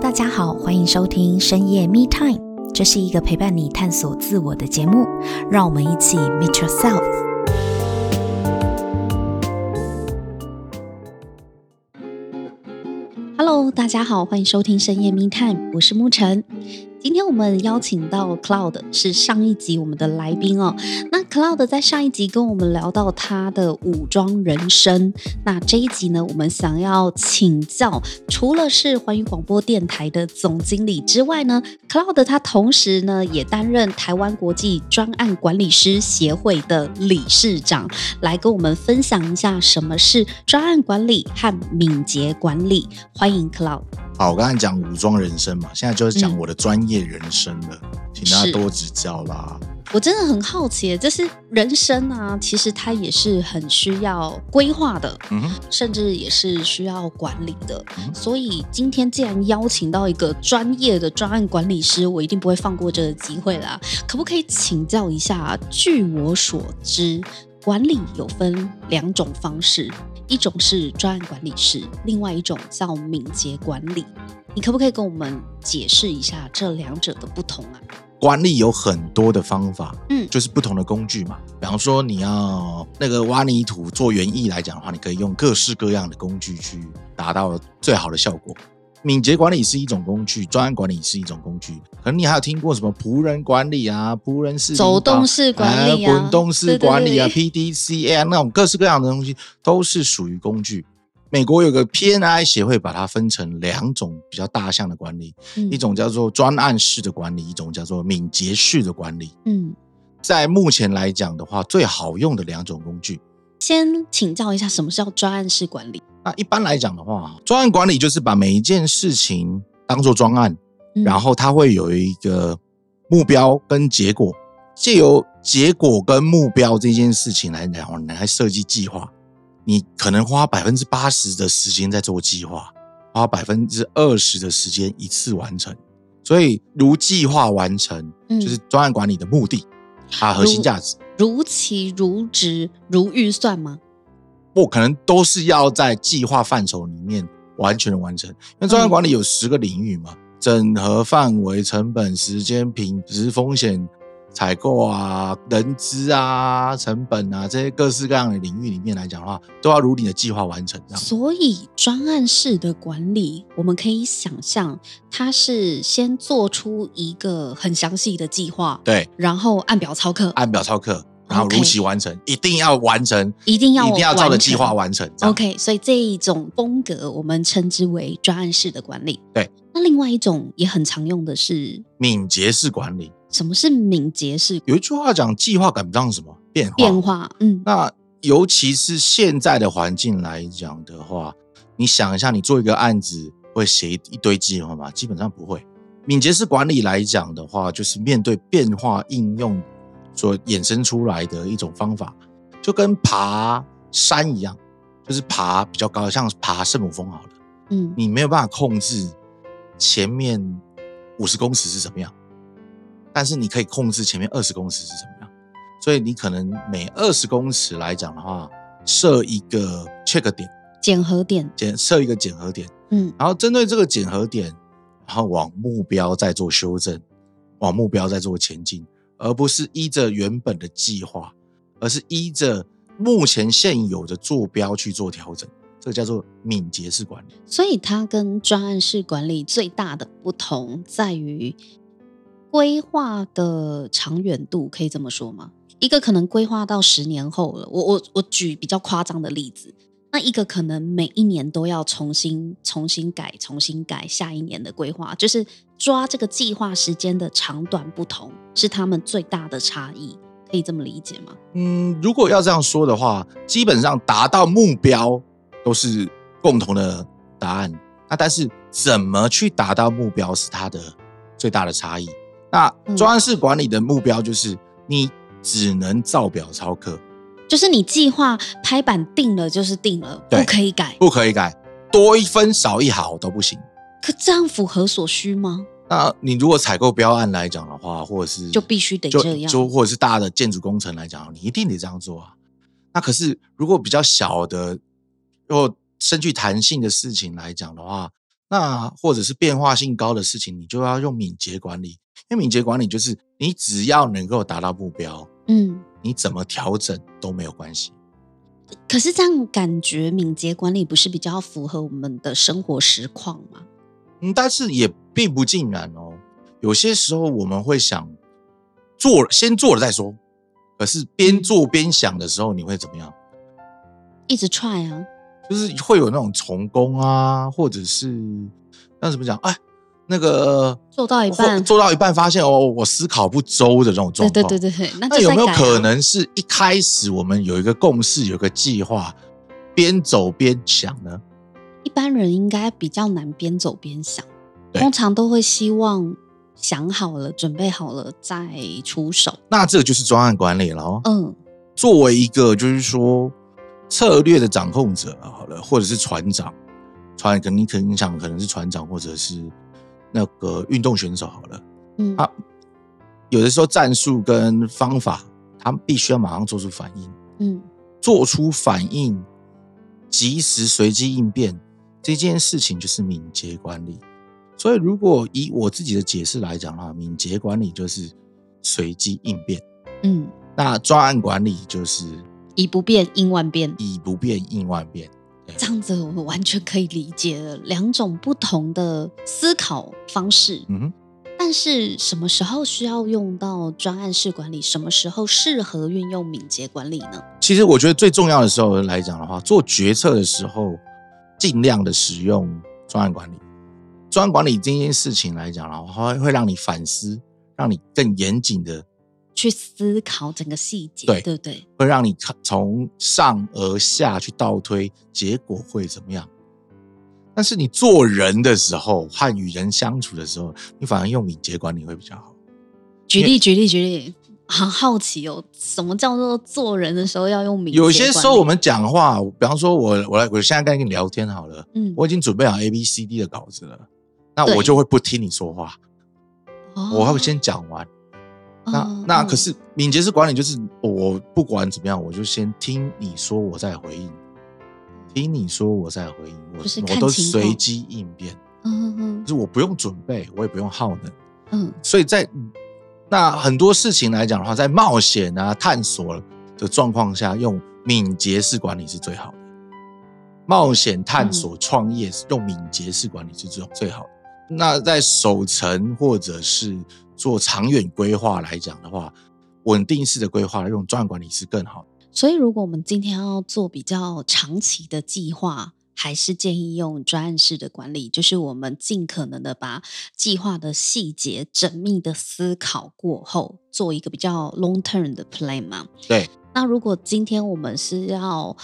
大家好，歡迎收聽深夜 me time。這是一個陪伴你探索自我的節目，讓我們一起 meet yourself。Hello，大家好，歡迎收聽深夜 me time，我是沐晨。今天我們邀請到 Cloud，是上一集我們的來賓哦。那 Cloud 在上一集跟我們聊到他的武裝人生，那這一集呢，我們想要請教，除了是環宇廣播電台的總經理之外呢，Cloud 他同時呢也擔任台灣國際專案管理師協會的理事長，來跟我們分享一下什麼是專案管理和敏捷管理。歡迎 Cloud。好，我剛才講武裝人生嘛，現在就是講我的專業人生了，嗯、請大家多指教啦。我真的很好奇，就是人生啊，其實它也是很需要規劃的，嗯、甚至也是需要管理的、嗯。所以今天既然邀請到一個專業的專案管理師，我一定不會放過這個機會啦。可不可以請教一下？據我所知，管理有分兩種方式，一種是專案管理師，另外一種叫敏捷管理。你可不可以跟我們解釋一下這兩者的不同啊？管理有很多的方法，嗯，就是不同的工具嘛。比方說，你要那個挖泥土做園藝來講的話，你可以用各式各樣的工具去達到最好的效果。敏捷管理是一種工具，專案管理是一種工具。可能你還有聽過什麼僕人管理啊，僕人式走動式管理啊，啊、啊、滾動式管理啊，P D C A 那種各式各樣的東西，都是屬於工具。美國有個 P N I 協會，把它分成兩種比較大項的管理、嗯，一種叫做專案式的管理，一種叫做敏捷式的管理。嗯，在目前來講的話，最好用的兩種工具。先請教一下，什麼是叫專案式管理？那一般來講的話，專案管理就是把每一件事情當做專案，嗯，然後它會有一個目標跟結果，借由結果跟目標這件事情來然後來，來設計計劃。你可能花百分之八十的時間在做計劃，花百分之二十的時間一次完成。所以，如計劃完成，嗯，就是專案管理的目的，它的核心價值。如期、如質、如預算嗎？不，可能都是要在計劃範疇裡面完全的完成。因為專案管理有十個領域嘛，嗯、整合範圍、成本、時間、品質、風險。採購啊，人資啊，成本啊，這些各式各樣的領域裡面來講的話，都要如你的計劃完成。所以，專案式的管理，我們可以想象，它是先做出一個很詳細的計劃，對，然後按表操課，按表操課，然後如期完成，okay，完成，完成，一定要完成，一定要一定要照着計劃完成。OK，所以這一種風格，我們稱之為專案式的管理。對，那另外一種也很常用的是敏捷式管理。什麼是敏捷式？有一句話講，計劃趕不上什麼變化。變化，嗯。那尤其是現在的環境來講的話，你想一下，你做一個案子會寫一，一堆計劃嗎？基本上不會。敏捷式管理來講的話，就是面對變化應用所衍生出來的一種方法，就跟爬山一樣，就是爬比較高，像爬聖母峰好了。嗯。你沒有辦法控制前面五十公尺是怎麼樣？但是你可以控制前面二十公尺是怎麼樣，所以你可能每二十公尺來講的話，設一個 check 點，檢核點，檢設一個檢核點，嗯，然後針對這個檢核點，然後往目標再做修正，往目標再做前進，而不是依着原本的計劃，而是依着目前現有的坐標去做調整，這個叫做敏捷式管理。所以它跟專案式管理最大的不同在於。規劃的長遠度可以這麼說嗎？一個可能規劃到十年後了，我我我舉比較誇張的例子，那一個可能每一年都要重新、重新改、重新改下一年的規劃，就是抓這個計劃時間的長短不同，是他們最大的差異，可以這麼理解嗎？嗯，如果要這樣說的話，基本上達到目標都是共同的答案，那但是怎麼去達到目標是它的最大的差異。那專案式管理的目標就是，你只能照表操課。嗯，就是你計劃拍板定了就是定了，不可以改，不可以改，多一分少一毫都不行。可這樣符合所需嗎？那你如果採購標案來講的話，或者是就，就必須得這樣，就或者是大的建築工程來講，你一定得這樣做啊。那可是如果比較小的，又深具彈性的事情來講的話，那或者是變化性高的事情，你就要用敏捷管理，因為敏捷管理就是你只要能夠達到目標，嗯，你怎麼調整都沒有關係。可是這樣感覺敏捷管理不是比較符合我們的生活實況嗎？嗯，但是也並不盡然哦。有些時候我們會想做，先做了再說。可是邊做邊想的時候，你會怎麼樣？一直踹啊。就是會有那種重工啊，或者是那怎麼講？哎，那個做到一半，做到一半發現哦，我思考不周的這種狀況。對對對對那，那有沒有可能是一開始我們有一個共識，有一個計劃，邊走邊想呢？一般人應該比較難邊走邊想，通常都會希望想好了，準備好了再出手。那這就是專案管理了哦。嗯，作為一個就是說。策略的掌控者好了，或者是船長，船肯定，可能想可能是船長，或者是那個運動選手好了。嗯，啊，有的時候戰術跟方法，他們必須要馬上做出反應。嗯，做出反應，及時隨機應變，這件事情就是敏捷管理。所以，如果以我自己的解釋來講的話，敏捷管理就是隨機應變。嗯，那專案管理就是以不變應萬變，以不變應萬變。這樣子我們，完全可以理解兩種不同的思考方式。嗯，但是什麼時候需要用到專案式管理？什麼時候適合運用敏捷管理呢？其實我覺得最重要的時候來講的話，做決策的時候，儘量的使用專案管理。專案管理這件事情來講的話，會讓你反思，讓你更嚴謹的。去思考整個細節，對對對，會讓你從上而下去倒推結果會怎麼樣？但是你做人的時候和與人相處的時候，你反而用敏捷管理會比較好。舉例、舉例、舉例，很好奇哦，什麼叫做做人的時候要用敏捷管理？有些時候我們講話，比方說我我來，我現在跟你聊天好了，嗯，我已經準備好 A B C D 的稿子了。嗯，那我就會不聽你說話，我會先講完。哦 那那可是敏捷式管理，就是我不管怎麼樣，我就先聽你說，我再回應；聽你說，我再回應。我我都隨機應變，嗯嗯嗯， 就是我不用準備，我也不用耗能，嗯。 所以在那很多事情來講的話，在冒險啊、探索的狀況下，用敏捷式管理是最好的。冒險、探索、 創業，用敏捷式管理是最最好的。那在守成或者是做長遠規劃來講的話，穩定式的規劃用專案管理是更好的。所以，如果我們今天要做比較長期的計劃，還是建議用專案式的管理，就是我們盡可能的把計劃的細節縝密的思考過後，做一個比較 long term 的 plan 嘛？對。那如果今天我們是要。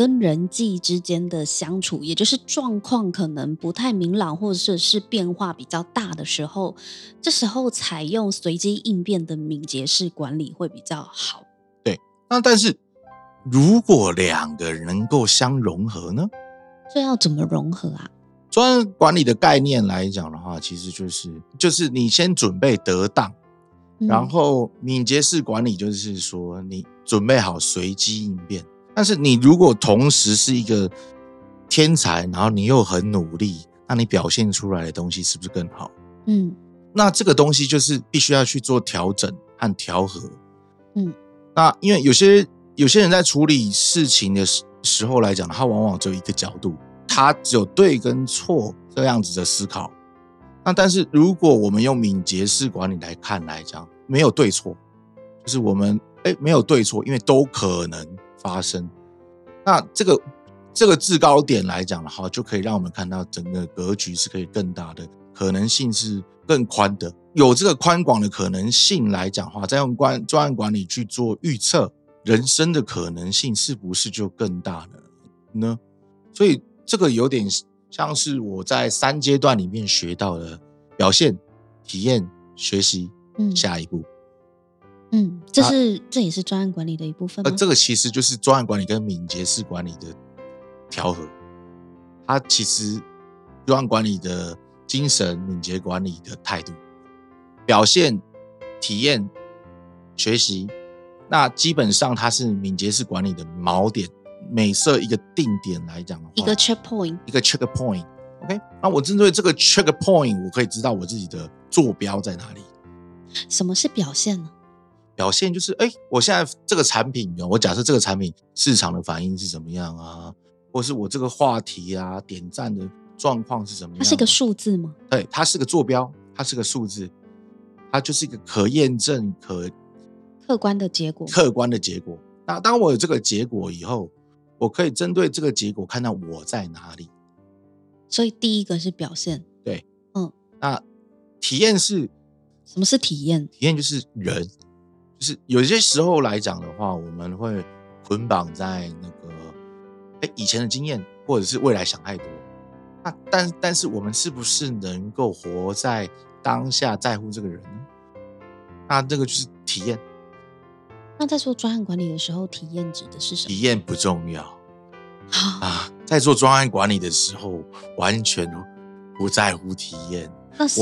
跟人際之間的相處，也就是狀況可能不太明朗，或者是是變化比較大的時候，這時候採用隨機應變的敏捷式管理會比較好。對，那但是如果兩個人能夠相融合呢？這要怎麼融合啊？從管理的概念來講的話，其實就是就是你先準備得當，嗯，然後敏捷式管理就是說你準備好隨機應變。但是你如果同時是一個天才，然後你又很努力，那你表現出來的東西是不是更好？嗯，那這個東西就是必須要去做調整和調和。嗯，那因為有些有些人在處理事情的時時候來講，他往往只有一個角度，他只有對跟錯這樣子的思考。那但是如果我們用敏捷式管理來看來講，沒有對錯，就是我們哎、欸、沒有對錯，因為都可能。發生，那這個這個制高點來講的話，就可以讓我們看到整個格局是可以更大的，可能性是更寬的，有這個寬廣的可能性來講的話，再用觀專案管理去做預測，人生的可能性是不是就更大了呢？所以這個有點像是我在三階段裡面學到的表現、體驗、學習，嗯，下一步。嗯這是這也是專案管理的一部分。呃，這個其實就是專案管理跟敏捷式管理的調和。它，其實專案管理的精神，敏捷管理的態度、表現、體驗、學習。那基本上它是敏捷式管理的錨點，每設一個定點來講的話，一個 checkpoint，一個 checkpoint。OK，那我針對這個 checkpoint，我可以知道我自己的坐標在哪裡。什麼是表現呢？表現就是哎、欸，我現在這個產品，我假設這個產品市場的反應是怎麼樣啊？或是我這個話題啊，點讚的狀況是怎麼樣？啊？它是一個數字嗎？對，它是個坐標，它是個數字，它就是一個可驗證、可客觀的結果。客觀的結果。那當我有這個結果以後，我可以針對這個結果看到我在哪裡。所以第一個是表現，對，嗯。那體驗是？什麼是體驗？體驗就是人。就是有些時候來講的話，我們會捆綁在那個、欸、以前的經驗，或者是未來想太多。那但是但是我們是不是能夠活在當下，在乎這個人呢？那這個就是體驗。那在做專案管理的時候，體驗指的是什麼？體驗不重要啊！在做專案管理的時候，完全不在乎體驗，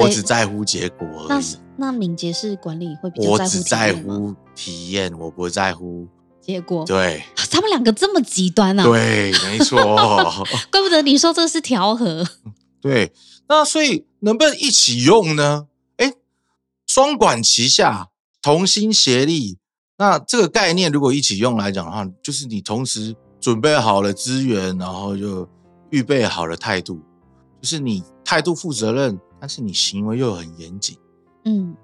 我只在乎結果而已。那敏捷式管理會比較在乎體驗，我只在乎體驗，我不在乎結果。對，他們兩個這麼極端啊，對，沒錯。 怪不得你說這個是調和。對，那所以能不能一起用呢？哎，雙管齊下，同心協力。那這個概念如果一起用來講的話，就是你同時準備好了資源，然後就預備好了態度，就是你態度負責任，但是你行為又很嚴謹。嗯、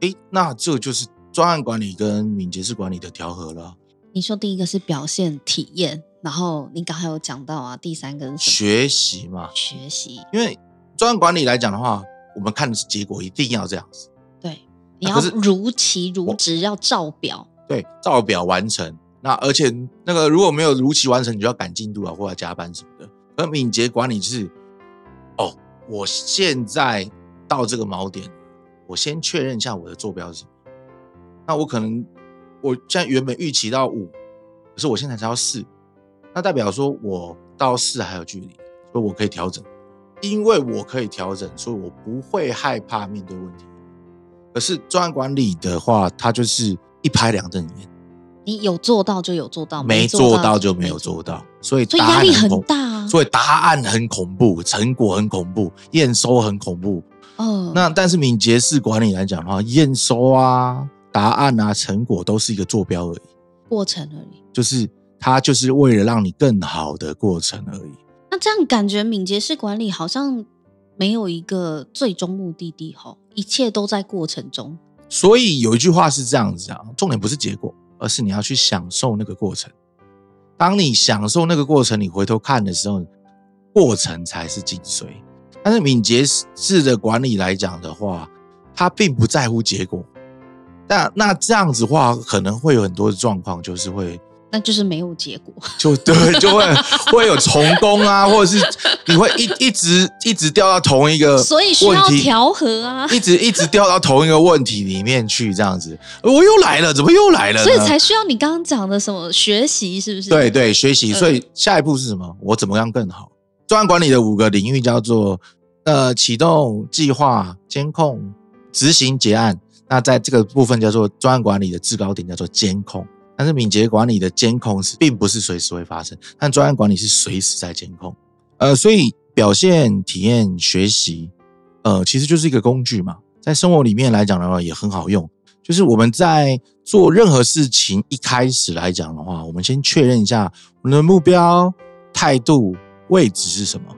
欸，那這就是專案管理跟敏捷式管理的調和了。你說第一個是表現體驗，然後你剛才有講到啊，第三個是學習嘛，學習。因為專案管理來講的話，我們看的是結果，一定要這樣子。對，你要如期如質，要照表。對，照表完成。那而且那個如果沒有如期完成，你就要趕進度啊，或者加班什麼的。而敏捷管理，就是，哦，我現在到這個錨點。我先確認一下我的坐標是什麼？那我可能，我現在原本預期到五，可是我現在才到四，那代表說我到四還有距離，所以我可以調整。因為我可以調整，所以我不會害怕面對問題。可是專案管理的話，它就是一拍兩瞪眼，你有做到就有做到，沒做到就沒有做到，做到做到，所以答案，所以壓力很大、啊，所以答案很恐怖，成果很恐怖，驗收很恐怖。哦、嗯，那但是敏捷式管理來講的話，驗收啊、答案啊、成果都是一個坐標而已，過程而已，就是它就是為了讓你更好的過程而已。那這樣感覺敏捷式管理好像沒有一個最終目的地哈、哦，一切都在過程中。所以有一句話是這樣子啊，重點不是結果，而是你要去享受那個過程。當你享受那個過程，你回頭看的時候，過程才是精髓。但是敏捷式的管理來講的話，它並不在乎結果。那那這樣子的話，可能會有很多的狀況，就是會那就是沒有結果，就對，就會 會有重工啊，或者是你會一一直一直掉到同一個，所以需要調和啊，一直一直掉到同一個問題裡面去，這樣子我又來了，怎麼又來了？所以才需要你剛剛講的什麼學習，是不是？對對，學習。所以下一步是什麼？我怎麼樣更好？專案管理的五個領域叫做：呃，啟動、計劃、監控、執行、結案。那在這個部分叫做專案管理的制高點叫做監控。但是敏捷管理的監控是並不是隨時會發生，但專案管理是隨時在監控。呃，所以表現、體驗、學習，呃，其實就是一個工具嘛。在生活裡面來講的話，也很好用。就是我們在做任何事情一開始來講的話，我們先確認一下我們的目標、態度。位置是什麼？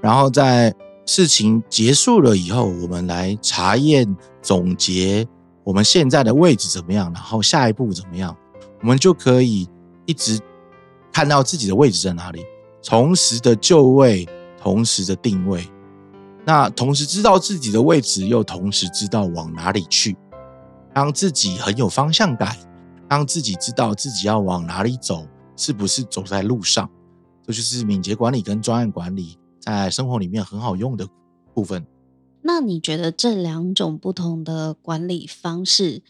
然後在事情結束了以後，我們來查驗、總結我們現在的位置怎麼樣，然後下一步怎麼樣，我們就可以一直看到自己的位置在哪裡，同時的就位，同時的定位。那同時知道自己的位置，又同時知道往哪裡去，讓自己很有方向感，讓自己知道自己要往哪裡走，是不是走在路上？就是敏捷管理跟專案管理在生活裡面很好用的部分。那你覺得這兩種不同的管理方式，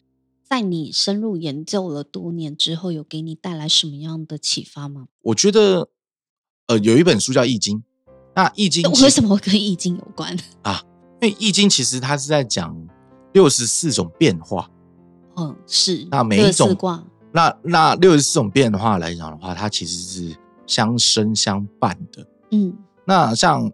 在你深入研究了多年之後，有給你帶來什麼樣的啟發嗎？我覺得，呃，有一本書叫《易經》。那《易經》為什麼跟《易經》有關啊？因為《易經》其實它是在講六十四種變化。嗯，是。那每一種卦。那那六十四種變化來講的話，它其實是相生相伴的，嗯，那像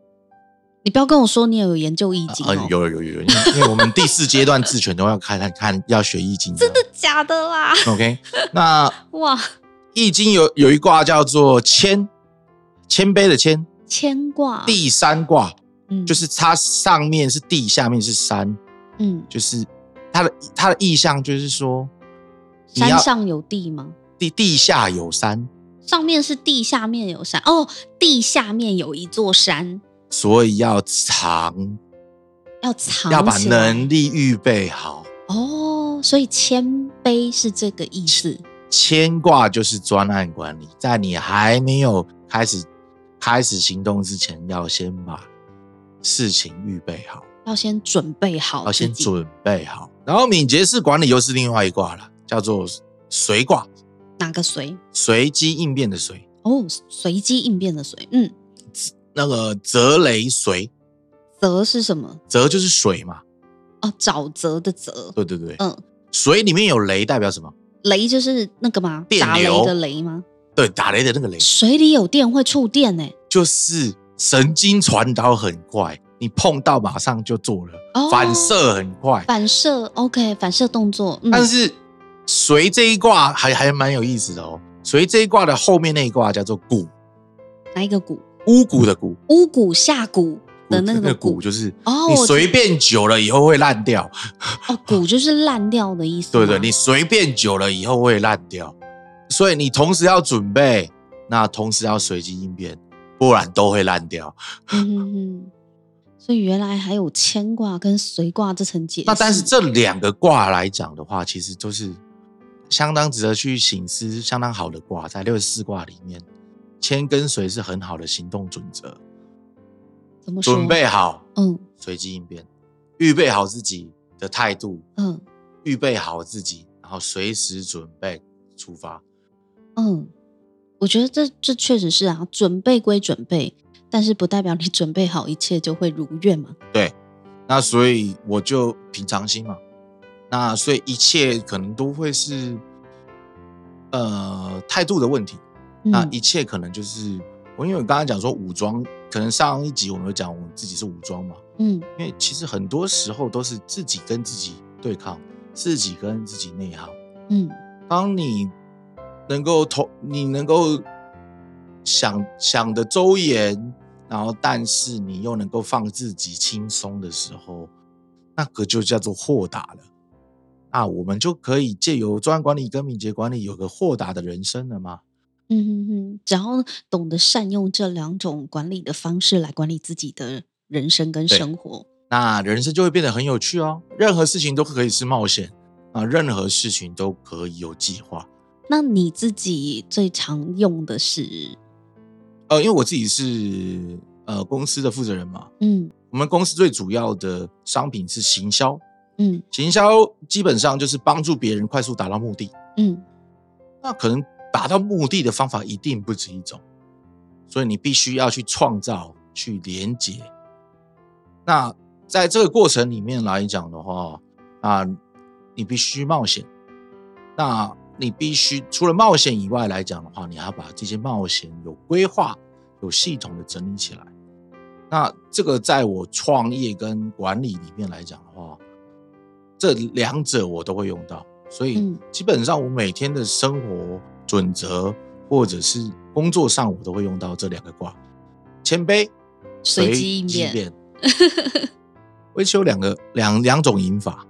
你不要跟我說你也有研究易經喔？，嗯，呃，有有有有，因為我們第四階段自選都要看 看看，要學易經，真的假的啦？OK，那哇，易經有有一卦叫做謙，謙卑的謙，謙卦第三卦，嗯，就是它上面是地，下面是山，嗯，就是它的它的意象就是說，山上有地嗎？地地下有山。上面是地，下面有山。哦，地下面有一座山，所以要藏，要藏，要把能力預備好。哦，所以謙卑是這個意思。謙卦就是專案管理，在你還沒有開始開始行動之前，要先把事情預備好，要先準備好，要先準備好。然後敏捷式管理又是另外一卦了，叫做隨卦。哪個隨，隨機應變的隨哦，隨機應變的隨嗯，那個澤雷隨。澤是什麼？澤就是水嘛。哦，沼澤的澤。對對對，嗯，水裡面有雷，代表什麼？雷就是那個嗎電？打雷的雷嗎？對，打雷的那個雷。水裡有電會觸電呢、欸，就是神經傳導很快，你碰到馬上就做了，哦，反射很快，反射 OK，反射動作，嗯、但是。隨這一卦還還蠻有意思的哦。隨這一卦的後面那一卦叫做“蠱”，哪一個蠱？巫蠱的“蠱”，巫蠱下蠱的那個蠱，就是你隨便久了以後會爛掉。 哦，蠱就是爛掉的意思。對，對對，你隨便久了以後會爛掉，所以你同時要準備，那同時要隨機應變，不然都會爛掉。嗯 嗯。所以原來還有謙卦跟隨卦這層解釋。那但是這兩個卦來講的話，其實都、就是。相當值得去省思，相當好的卦，在六十四卦裡面，謙跟隨是很好的行動準則。準備好？嗯，隨機應變，預備好自己的態度，嗯，預備好自己，然後隨時準備出發。嗯，我覺得這這確實是啊，準備歸準備，但是不代表你準備好一切就會如願嘛。對，那所以我就平常心嘛。那所以一切可能都會是，呃，態度的問題，嗯。那一切可能就是我，因為我剛剛講說武裝，可能上一集我們有講，我們自己是武裝嘛。嗯，因為其實很多時候都是自己跟自己對抗，自己跟自己內耗。嗯，當你能夠投，你能夠想想的周延，然後但是你又能夠放自己輕鬆的時候，那個就叫做豁達了。那、啊、我們就可以借由專案管理跟敏捷管理，有個豁達的人生了嘛？嗯嗯嗯，只要懂得善用這兩種管理的方式來管理自己的人生跟生活，那人生就會變得很有趣哦。任何事情都可以是冒險啊，任何事情都可以有計劃。那你自己最常用的是？呃，因為我自己是呃公司的負責人嘛，嗯，我們公司最主要的商品是行銷。嗯，行銷基本上就是幫助別人快速達到目的。嗯，那可能達到目的的方法一定不止一種，所以你必須要去創造、去連接。那在這個過程裡面來講的話，啊，你必須冒險。那你必須除了冒險以外來講的話，你還要把這些冒險有規劃、有系統的整理起來。那這個在我創業跟管理裡面來講的話，這兩者我都會用到，所以基本上我每天的生活準則、嗯、或者是工作上，我都會用到這兩個卦。謙卑，隨機應變。圍棋有 兩個兩兩種贏法，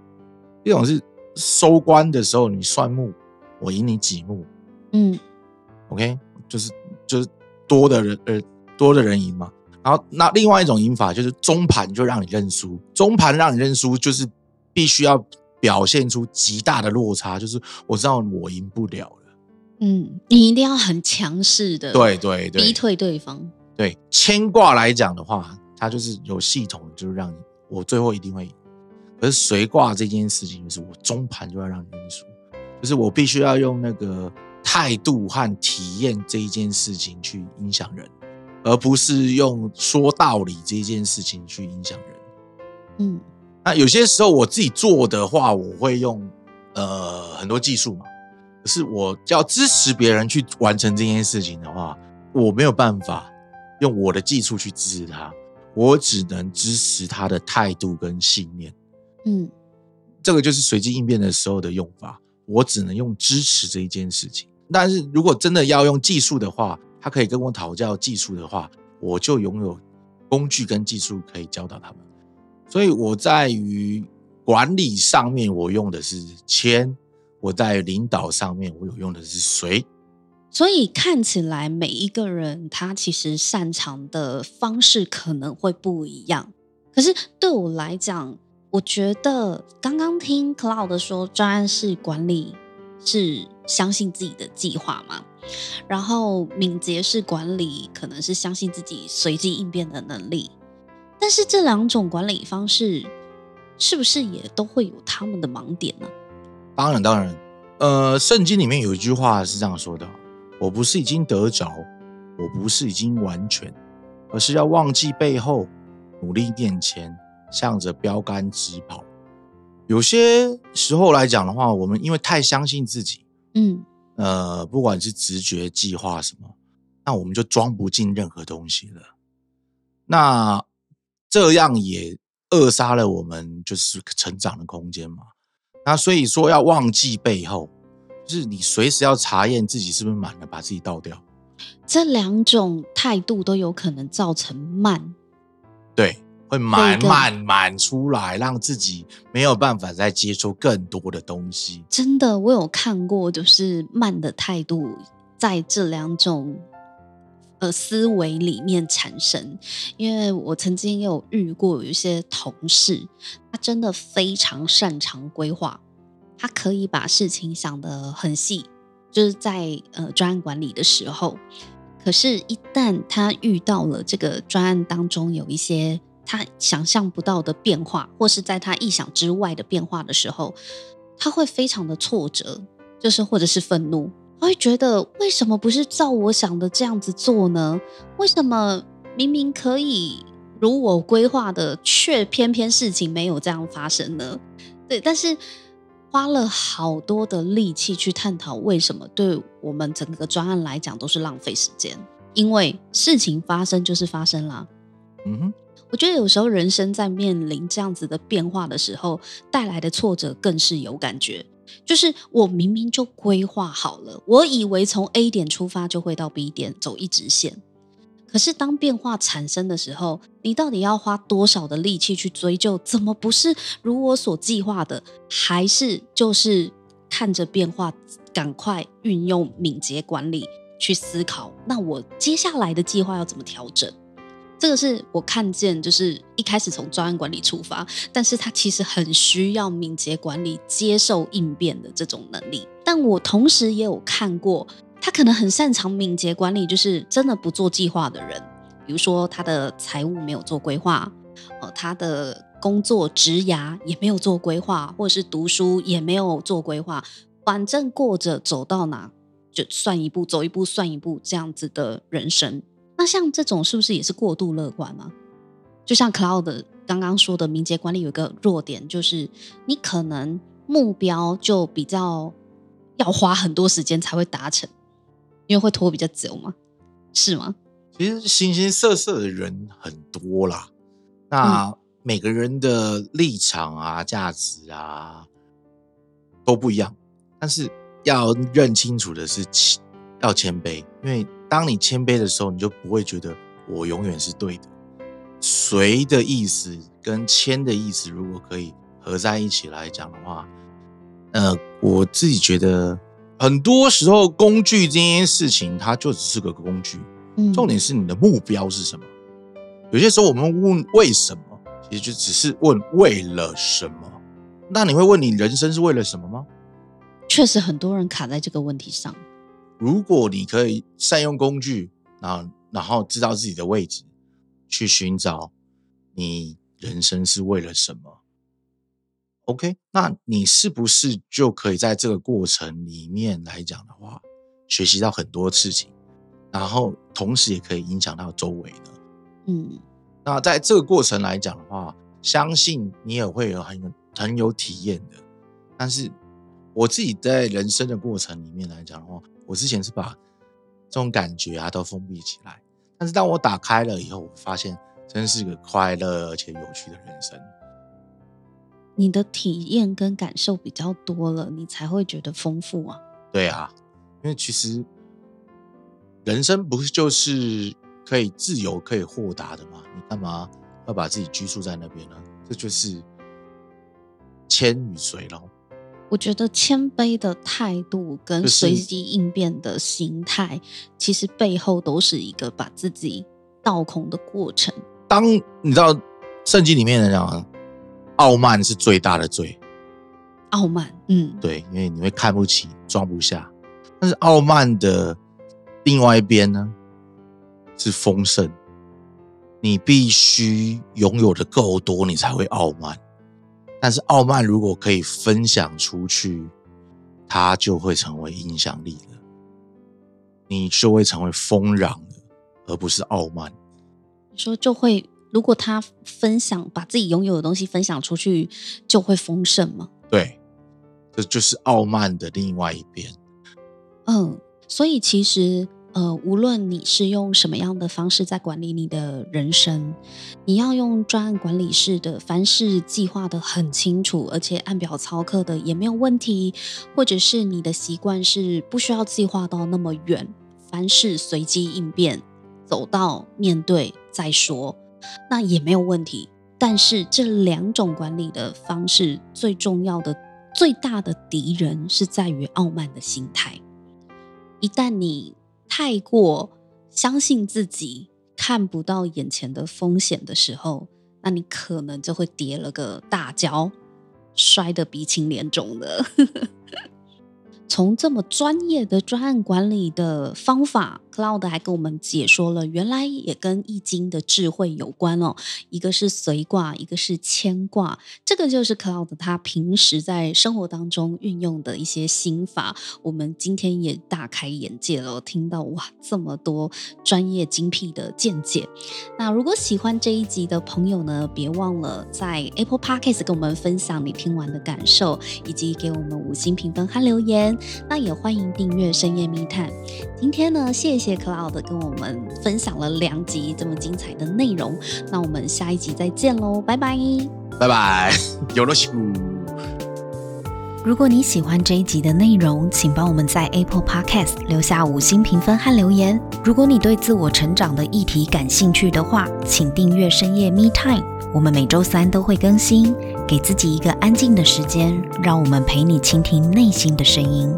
一種是收官的時候你算目，我贏你幾目，嗯，OK，就是就是多的人呃多的人贏嘛。然後那另外一種贏法就是中盤就讓你認輸，中盤讓你認輸就是。必須要表現出極大的落差，就是我知道我贏不了了。嗯，你一定要很強勢的，對對對，逼退對方。對，謙卦來講的話，他就是有系統，就是讓你我最後一定會贏。可是隨卦這件事情，就是我中盤就要讓你認輸，就是我必須要用那個態度和體驗這一件事情去影響人，而不是用說道理這一件事情去影響人。嗯。那有些時候我自己做的話，我會用呃很多技術嘛。可是我要支持別人去完成這件事情的話，我沒有辦法用我的技術去支持他，我只能支持他的態度跟信念。嗯，這個就是隨機應變的時候的用法。我只能用支持這一件事情。但是如果真的要用技術的話，他可以跟我討教技術的話，我就擁有工具跟技術可以教導他們。所以，我在於管理上面，我用的是謙；我在領導上面，我有用的是隨。所以看起來，每一個人他其實擅長的方式可能會不一樣。可是對我來講，我覺得剛剛聽 Cloud 說，專案式管理是相信自己的計劃嘛，然後敏捷式管理可能是相信自己隨機應變的能力。但是這兩種管理方式，是不是也都會有他們的盲點呢、啊？當然，當然。呃，聖經裡面有一句話是這樣說的：“我不是已經得着，我不是已經完全，而是要忘記背後，努力面前，向着標杆直跑。”有些時候來講的話，我們因為太相信自己，嗯，呃，不管是直覺、計劃什麼，那我們就裝不進任何東西了。那這樣也扼殺了我們就是成長的空間嘛。那所以說要忘記背後，就是你隨時要查驗自己是不是滿了，把自己倒掉。這兩種態度都有可能造成慢，對，會滿滿滿，滿出來，讓自己沒有辦法再接觸更多的東西。真的，我有看過，就是慢的態度在這兩種。呃，思維裡面產生，因為我曾經有遇過有一些同事，他真的非常擅長規劃，他可以把事情想得很細，就是在呃專案管理的時候，可是，一旦他遇到了這個專案當中有一些他想象不到的變化，或是在他意想之外的變化的時候，他會非常的挫折，就是或者是憤怒。會覺得為什麼不是照我想的這樣子做呢？為什麼明明可以如我規劃的，卻偏偏事情沒有這樣發生呢？對，但是花了好多的力氣去探討為什麼，對我們整個專案來講都是浪費時間，因為事情發生就是發生啦。嗯哼，我覺得有時候人生在面臨這樣子的變化的時候，帶來的挫折更是有感覺。就是我明明就規劃好了，我以為從 A 點出發就會到 B 點走一直線，可是當變化產生的時候，你到底要花多少的力氣去追究？怎麼不是如我所計劃的？還是就是看着變化，趕快運用敏捷管理去思考，那我接下來的計劃要怎麼調整？這個是我看見，就是一開始從專案管理出發，但是他其實很需要敏捷管理、接受應變的這種能力。但我同時也有看過，他可能很擅長敏捷管理，就是真的不做計劃的人，比如說他的財務沒有做規劃，呃，他的工作職涯也沒有做規劃，或者是讀書也沒有做規劃，反正過着走到哪就算一步，走一步算一步這樣子的人生。那像這種是不是也是過度樂觀嘛？就像 Cloud 剛剛說的，敏捷管理有一個弱點，就是你可能目標就比較要花很多時間才會達成，因為會拖比較久嘛？是嗎？其實形形色色的人很多啦，那每個人的立場啊、價值啊都不一樣，但是要認清楚的是謙要謙卑，因為。當你謙卑的時候，你就不會覺得我永遠是對的。隨的意思跟謙的意思，如果可以合在一起來講的話，呃，我自己覺得很多時候工具這件事情，它就只是個工具。重點是你的目標是什麼？有些時候我們問為什麼，其實就只是問為了什麼。那你會問你人生是為了什麼嗎？確實，很多人卡在這個問題上。如果你可以善用工具，啊，然後知道自己的位置，去尋找你人生是為了什麼？OK，那你是不是就可以在這個過程裡面來講的話，學習到很多事情，然後同時也可以影響到周圍呢？嗯，那在這個過程來講的話，相信你也會有很很有體驗的。但是我自己在人生的過程裡面來講的話，我之前是把這種感覺啊都封閉起來，但是當我打開了以後，我發現真是個快樂而且有趣的人生。你的體驗跟感受比較多了，你才會覺得豐富啊。對啊，因為其實人生不是就是可以自由、可以豁達的嗎？你幹嘛要把自己拘束在那邊呢？這就是謙與隨囉。我覺得謙卑的態度跟隨機應變的心態，其實背後都是一個把自己倒空的過程。當你知道聖經裡面來講，傲慢是最大的罪。傲慢，嗯，對，因為你會看不起、裝不下。但是傲慢的另外一邊呢，是豐盛。你必須擁有的夠多，你才會傲慢。但是傲慢如果可以分享出去，它就會成為影響力了。你就會成為豐盛而不是傲慢。你說就會，如果他分享，把自己擁有的東西分享出去，就會豐盛嗎？對，這就是傲慢的另外一邊。嗯，所以其實。呃，無論你是用什麼樣的方式在管理你的人生，你要用專案管理式的，凡事計劃得很清楚，而且按表操課的也沒有問題；或者是你的習慣是不需要計劃到那麼遠，凡事隨機應變，走到面對再說，那也沒有問題。但是這兩種管理的方式最重要的、最大的敵人是在於傲慢的心態。一旦你太過相信自己，看不到眼前的風險的時候，那你可能就會跌了個大跤，摔得鼻青臉腫的。 從這麼專業的專案管理的方法。Cloud 還跟我們解說了，原來也跟易經的智慧有關哦。一個是隨卦，一個是謙卦，這個就是 Cloud 他平時在生活當中運用的一些心法。我們今天也大開眼界了，聽到哇這麼多專業精闢的見解。那如果喜歡這一集的朋友呢，別忘了在 Apple Podcast 跟我們分享你聽完的感受，以及給我們五星評分和留言。那也歡迎訂閱《深夜密探》。今天呢，謝謝。謝 Cloud 跟我們分享了兩集這麼精彩的內容，那我們下一集再見嘍，拜拜，拜拜，有樂趣。如果你喜歡這一集的內容，請幫我們在 Apple Podcast 留下五星評分和留言。如果你對自我成長的議題感興趣的話，請訂閱深夜 Me Time，我們每周三都會更新，給自己一個安靜的時間，讓我們陪你傾聽內心的聲音。